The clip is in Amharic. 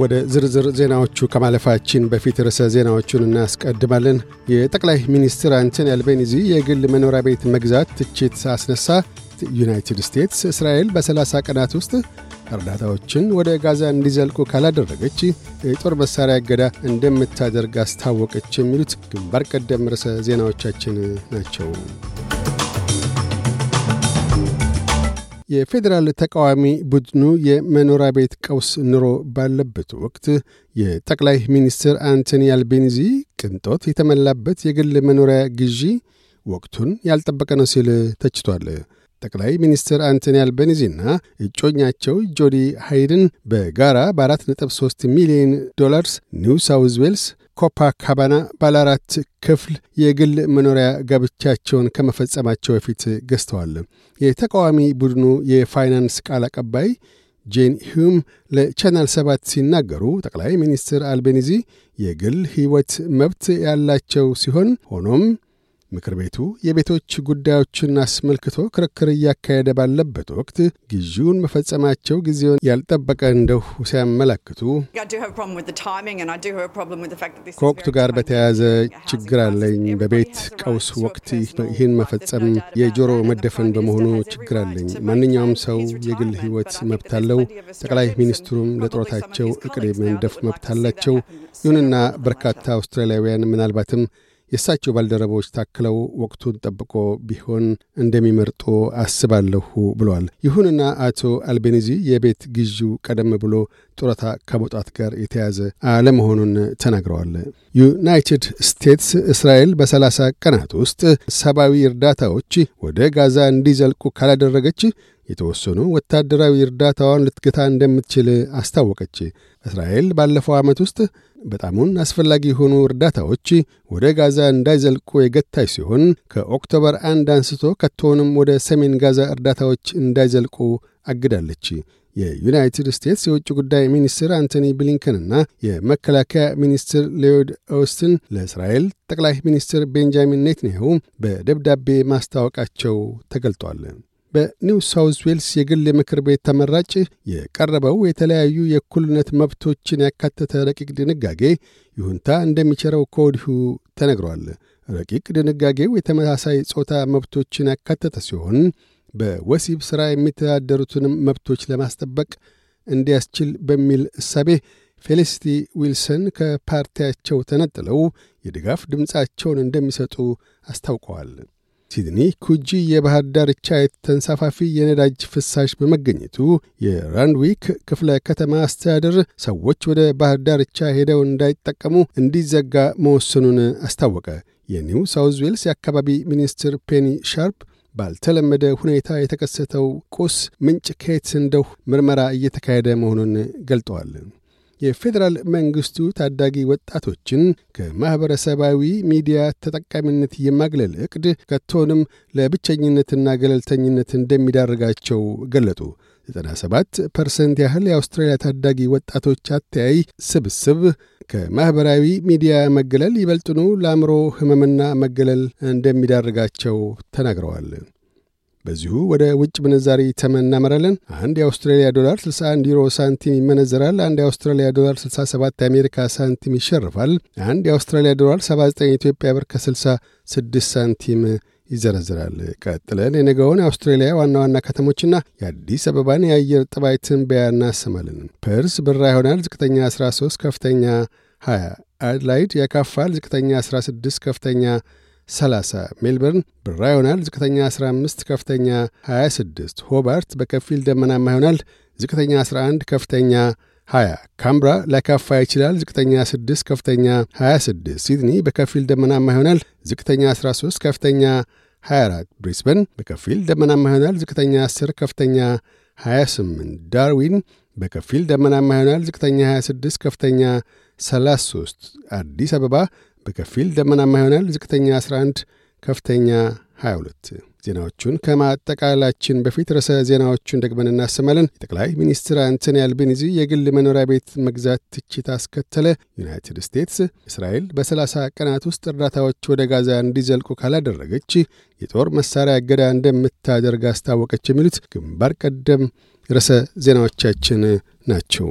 ወደ ዝርዝር ዜናዎቹ ከማለፋችን በፊት ርዕሰ ዜናዎቹን እናስቀድማለን። የጠቅላይ ሚኒስትር አንቶኒ አልቤኒዚ የግል መኖሪያ ቤት መግዛት ትችት አስነሳ። ዩናይትድ ስቴትስ እስራኤል በ30 ቀናት ውስጥ እርዳታዎችን ወደ ጋዛ እንዲዘልቁ ካላደረገች የጦር መሣሪያ እገዳ እንደምታደርግ አስታወቀች። የሚሉት ግንባር ቀደም ርዕሰ ዜናዎቻችን ናቸው። የፌዴራል ተቃዋሚ ቡድኑ የመኖሪያ ቤት ቀውስ ኑሮ ባለበት ወቅት የጠቅላይ ሚኒስትር አንቶኒ አልቤኒዚ ቅንጦት የተሞላበት የግል መኖሪያ ግዢ ወቅቱን ያልጠበቀ ነው ሲል ተችቷል። ጠቅላይ ሚኒስትር አንቶኒ አልቤኒዚና እጮኛቸው ጆዲ ሃይድን በጋራ በ4.3 ሚሊዮን ዶላርስ ኒው ሳውዝ ዌልስ ባለ አራት ክፍል የግል መኖሪያ ጋብቻቸውን ከመፈጸማቸው በፊት ገዝተዋል። የተቃዋሚ ቡድኑ የፋይናንስ ቃል አቀባይ ጄን ሂዩም ለቻናል ሰባት ሲናገሩ ጠቅላይ ሚኒስትር አልቤኒዚ የግል ሕይወት መብት ያላቸው ሲሆን ሆኖም ምክር ቤቱ የቤቶች ጉዳዮችን አስመልክቶ ክርክር እያካሄደ ባለበት ወቅት ግዢውን መፈጸማቸው ጊዜውን ያልጠበቀ እንደሁ ሲያመላክቱ ከወቅቱ ጋር በተያያዘ ችግር አለኝ። በቤት ቀውስ ወቅት ይህን መፈጸም የጆሮ መደፈን በመሆኑ ችግር አለኝ። ማንኛውም ሰው የግል ሕይወት መብት አለው። ጠቅላይ ሚኒስትሩም ለጡረታቸው እቅድ የመንደፍ መብት አላቸው። ይሁንና በርካታ አውስትራሊያውያን ምናልባትም የእሳቸው ባልደረቦች ታክለው ወቅቱን ጠብቆ ቢሆን እንደሚመርጡ አስባለሁ ብለዋል። ይሁንና አቶ አልቤኒዚ የቤት ግዢው ቀደም ብሎ ጡረታ ከመውጣት ጋር የተያዘ አለመሆኑን ተናግረዋል። ዩናይትድ ስቴትስ እስራኤል በሰላሳ ቀናት ውስጥ ሰብአዊ እርዳታዎች ወደ ጋዛ እንዲዘልቁ ካላደረገች የተወሰኑ ወታደራዊ እርዳታዋን ልትገታ እንደምትችል አስታወቀች። እስራኤል ባለፈው ዓመት ውስጥ በጣሙን አስፈላጊ የሆኑ እርዳታዎች ወደ ጋዛ እንዳይዘልቁ የገታች ሲሆን ከኦክቶበር አንድ አንስቶ ከቶውንም ወደ ሰሜን ጋዛ እርዳታዎች እንዳይዘልቁ አግዳለች። የዩናይትድ ስቴትስ የውጭ ጉዳይ ሚኒስትር አንቶኒ ብሊንከንና የመከላከያ ሚኒስትር ሎይድ ኦስትን ለእስራኤል ጠቅላይ ሚኒስትር ቤንጃሚን ኔትንያሁ በደብዳቤ ማስታወቃቸው ተገልጧል። በኒው ሳውዝ ዌልስ የግል የምክር ቤት ተመራጭ የቀረበው የተለያዩ የእኩልነት መብቶችን ያካተተ ረቂቅ ድንጋጌ ይሁንታ እንደሚቸረው ከወዲሁ ተነግሯል። ረቂቅ ድንጋጌው የተመሳሳይ ጾታ መብቶችን ያካተተ ሲሆን በወሲብ ሥራ የሚተዳደሩትንም መብቶች ለማስጠበቅ እንዲያስችል በሚል እሳቤ ፌሊሲቲ ዊልሰን ከፓርቲያቸው ተነጥለው የድጋፍ ድምፃቸውን እንደሚሰጡ አስታውቀዋል። ሲድኒ ኩጂ የባህር ዳርቻ የተንሳፋፊ የነዳጅ ፍሳሽ በመገኘቱ የራንድዊክ ክፍለ ከተማ አስተዳደር ሰዎች ወደ ባህር ዳርቻ ሄደው እንዳይጠቀሙ እንዲዘጋ መወሰኑን አስታወቀ። የኒው ሳውዝ ዌልስ የአካባቢ ሚኒስትር ፔኒ ሻርፕ ባልተለመደ ሁኔታ የተከሰተው ቁስ ምንጭ ከየት እንደው ምርመራ እየተካሄደ መሆኑን ገልጠዋል። የፌዴራል መንግስቱ ታዳጊ ወጣቶችን ከማኅበረሰባዊ ሚዲያ ተጠቃሚነት የማግለል ዕቅድ ከቶንም ለብቸኝነትና ገለልተኝነት እንደሚዳርጋቸው ገለጡ። 97 ፐርሰንት ያህል የአውስትራሊያ ታዳጊ ወጣቶች አተያይ ስብስብ ከማኅበራዊ ሚዲያ መገለል ይበልጥኑ ለአእምሮ ሕመምና መገለል እንደሚዳርጋቸው ተናግረዋል። በዚሁ ወደ ውጭ ምንዛሪ ተመን እናመራለን። አንድ የአውስትራሊያ ዶላር 61 ዩሮ ሳንቲም ይመነዘራል። አንድ የአውስትራሊያ ዶላር 67 የአሜሪካ ሳንቲም ይሸርፋል። አንድ የአውስትራሊያ ዶላር 79 ኢትዮጵያ ብር ከ66 ሳንቲም ይዘረዝራል። ቀጥለን የነገውን የአውስትሬሊያ ዋና ዋና ከተሞችና የአዲስ አበባን የአየር ጥባይትን ትንበያ እናሰማለን። ፐርስ ብራ ይሆናል። ዝቅተኛ 13፣ ከፍተኛ 20። አድላይድ ያካፋል። ዝቅተኛ 16፣ ከፍተኛ 30 ሜልበርን ብራ ይሆናል። ዝቅተኛ 15 ከፍተኛ 26 ሆባርት በከፊል ደመናማ ይሆናል። ዝቅተኛ 11 ከፍተኛ 20 ካምብራ ሊያካፋ ይችላል። ዝቅተኛ 6 ከፍተኛ 26 ሲድኒ በከፊል ደመናማ ይሆናል። ዝቅተኛ 13 ከፍተኛ 24 ብሪስበን በከፊል ደመናማ ይሆናል። ዝቅተኛ 10 ከፍተኛ 28 ዳርዊን በከፊል ደመናማ ይሆናል። ዝቅተኛ 26 ከፍተኛ 33 አዲስ አበባ በከፊል ደመናማ ይሆናል። ዝቅተኛ 11፣ ከፍተኛ 22። ዜናዎቹን ከማጠቃላችን በፊት ርዕሰ ዜናዎቹን ደግመን እናሰማለን። የጠቅላይ ሚኒስትር አንቶኒ አልቤኒዚ የግል መኖሪያ ቤት መግዛት ትችት አስከተለ። ዩናይትድ ስቴትስ እስራኤል በ30 ቀናት ውስጥ እርዳታዎች ወደ ጋዛ እንዲዘልቁ ካላደረገች የጦር መሳሪያ እገዳ እንደምታደርግ አስታወቀች። የሚሉት ግንባር ቀደም ርዕሰ ዜናዎቻችን ናቸው።